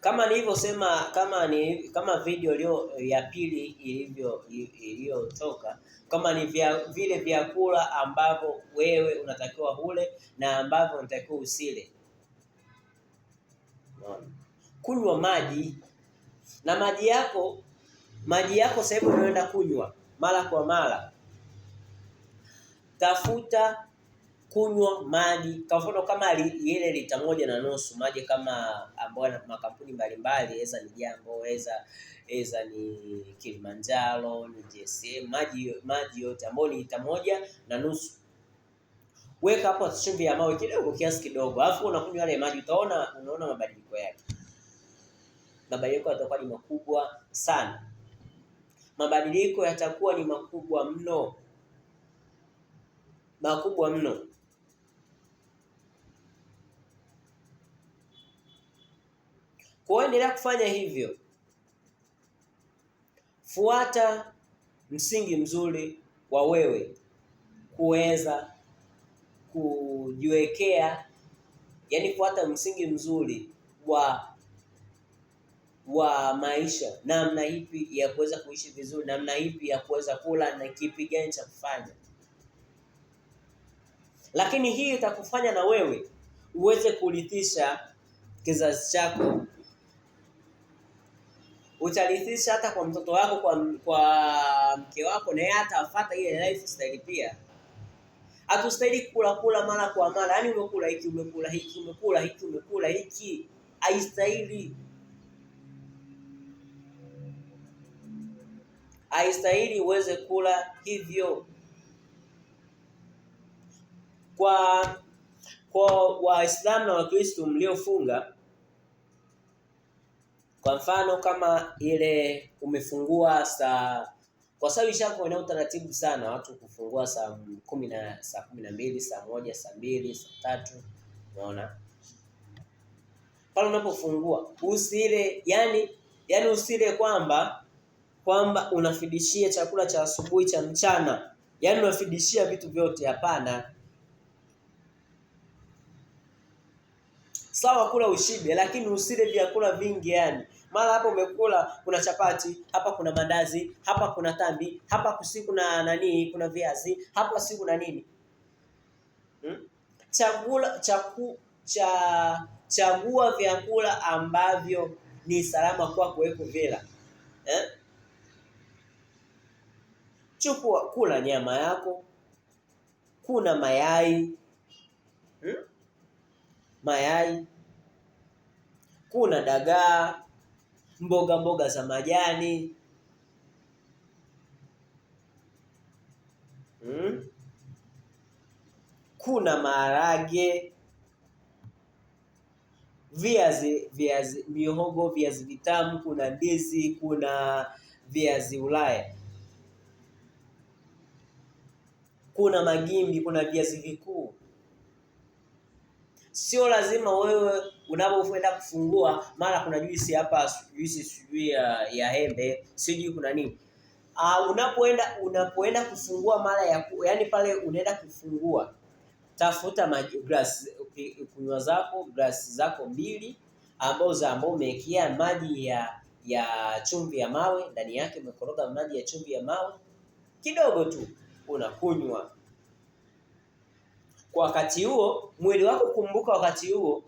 Kama nilivyosema kama ni kama video leo ya pili ilivyo iliyotoka, kama ni vya, vile vyakula ambavyo wewe unatakiwa ule na ambavyo unatakiwa usile. Kunywa maji na maji yako, maji yako sasa hivi unaenda kunywa mara kwa mara, tafuta kunywa maji, kwa mfano kama ile lita moja na nusu maji kama ambayo na makampuni mbalimbali, eza ni Jambo, eza eza ni Kilimanjaro, ni GSM, maji maji yote ambayo ni lita moja na nusu weka hapo chumvi ya mawe kidogo, kiasi kidogo, alafu unakunywa yale maji, utaona unaona mabadiliko yake. Mabadiliko yatakuwa ni makubwa sana, mabadiliko yatakuwa ni makubwa mno, makubwa mno. Kwa hiyo endelea kufanya hivyo. Fuata msingi mzuri wa wewe kuweza kujiwekea, yani fuata msingi mzuri wa wa maisha, namna ipi ya kuweza kuishi vizuri, namna ipi ya kuweza kula na kipi gani cha kufanya, lakini hii itakufanya na wewe uweze kurithisha kizazi chako utarithisha hata kwa mtoto wako, kwa kwa mke wako, na yeye atafuata ile lifestyle pia. Hatustahili kula kula mara kwa mara, yaani umekula hiki umekula hiki umekula hiki umekula hiki, haistahili haistahili uweze kula hivyo. Kwa kwa Waislamu na Wakristo mliofunga kwa mfano kama ile umefungua saa, kwa sababu ishakuwa ina utaratibu sana watu kufungua saa kumi na saa kumi na mbili saa moja saa mbili saa tatu unaona pale unapofungua usile, yani yani usile kwamba kwamba unafidishia chakula cha asubuhi cha mchana, yani unafidishia vitu vyote. Hapana, Sawa kula ushibe lakini usile vyakula vingi yani. Mara hapo umekula kuna chapati, hapa kuna mandazi, hapa kuna tambi, hapa kusi kuna nani, kuna viazi, hapa si kuna nini. Hmm? Chagula, chaku, cha chagua vyakula ambavyo ni salama kwako wewe kuvila. Eh? Chukua kula nyama yako. Kuna mayai. Hmm? mayai, kuna dagaa, mboga mboga za majani hmm? Kuna maharage, viazi viazi, mihogo, viazi vitamu, kuna ndizi, kuna viazi Ulaya, kuna magimbi, kuna viazi vikuu sio lazima wewe unapoenda kufungua, mara kuna juisi hapa, juisi sijui ya, ya embe sijui kuna nini uh, unapoenda unapoenda kufungua mara ya yaani pale unaenda kufungua, tafuta maji glass kunywa zako glass zako mbili ambao za ambao umekia maji ya ya chumvi ya mawe ndani yake, umekoroga maji ya chumvi ya mawe kidogo tu unakunywa kwa wakati huo mwili wako kumbuka wakati huo